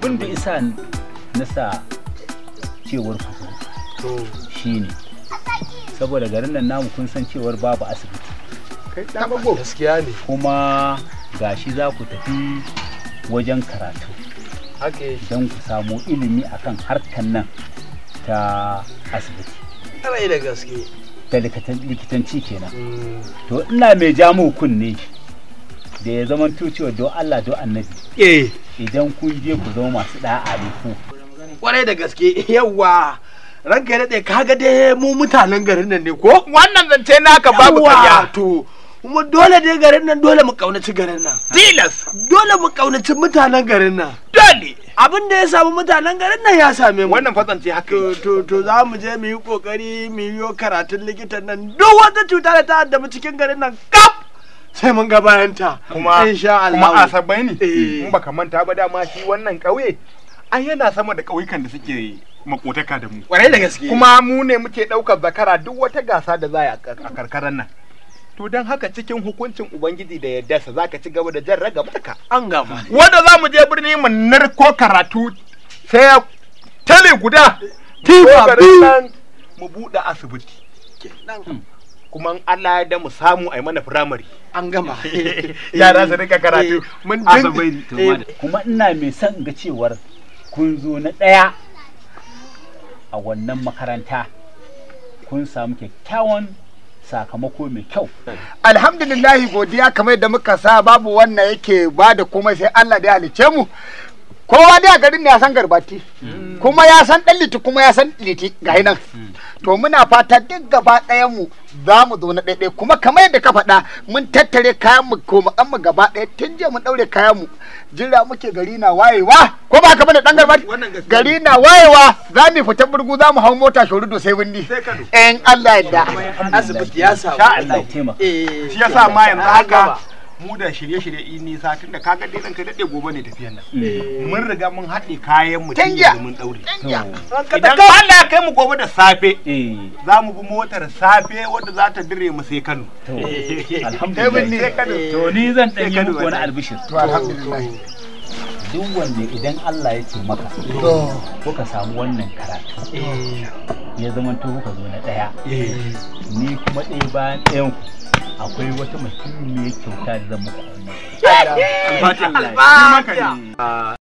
abin da isa na sa cewar kuku ne saboda garin nan namu kun san cewar babu asibiti kuma ga gaskiya kuma gashi za ku tafi wajen karatu don ku samu ilimi akan harkan nan ta asibiti ta likitanci kenan mm. to ina mai ja kunne da ya zama cewa don allah don annabi eh. idan kun je ku zama masu da'a ne ku kwarai da gaske yawa ranka ya kaga dai mu mutanen garin nan ne ko wannan zance naka babu karya to kuma dole dai garin nan dole mu kaunaci garin nan tilas dole mu kaunaci mutanen garin nan dole abin da ya samu mutanen garin nan ya same mu wannan fatsance haka to to za mu je mu yi kokari mu yi karatun likitan nan duk wata cuta da ta addabi cikin garin nan kap. sai mun ga bayanta kuma kuma asabai ne eh. in baka manta ba dama shi wannan kauye ai yana sama da kauyukan da suke makotaka da mu kwarai da gaske kuma mu ne muke daukar zakara duk wata gasa da za a karkaran nan to don haka cikin hukuncin ubangiji da yadda sa zaka ci gaba da jan raga maka an gama wanda za mu je birni mu narko karatu sai ya tale guda tifa mu buɗe asibiti hmm. kuma Allah ya da mu samu a mana firamare an gama yara su rika karatu eh, mun din eh, kuma ina mai son ga cewar kun zo na ɗaya a wannan makaranta kun samu kyakkyawan sakamako mai kyau. Alhamdulillahi godiya kamar da muka sa babu wannan yake ba da komai sai Allah da halice mu. Kowa da garin ne ya san garbati, mm. kuma ya san ɗan liti kuma ya san liti ga nan. Mm. to muna fata duk gaba mu za mu zo na ɗaiɗai kuma kamar yadda ka faɗa mun tattare kayan mu ko mu mu gaba ɗaya tun jiya mun ɗaure kayan mu jira muke gari na wayewa ko ba ka bane ɗan garba gari na wayewa za mu fita burgu za mu hau mota shorudo sai windi in Allah ya da asibiti ya sa sha Allah ya taimaka eh shi yasa ma yanzu haka mu da shirye-shirye in nisa tunda ka ga dinan ka dade gobe ne tafiyan nan eh. mun riga mun haɗe kayan mu tunda mun daure idan Allah na kai mu gobe da safe eh. za mu bi motar safe wadda za ta dire mu sai Kano eh. alhamdulillah to ni zan dan yi muku wani albishir to alhamdulillah duk wanda idan Allah ya taimaka kuka samu wannan karatu ya zama to kuka zo na daya ni kuma ɗaya bayan ɗayan akwai wata ne kyauta da zan muku.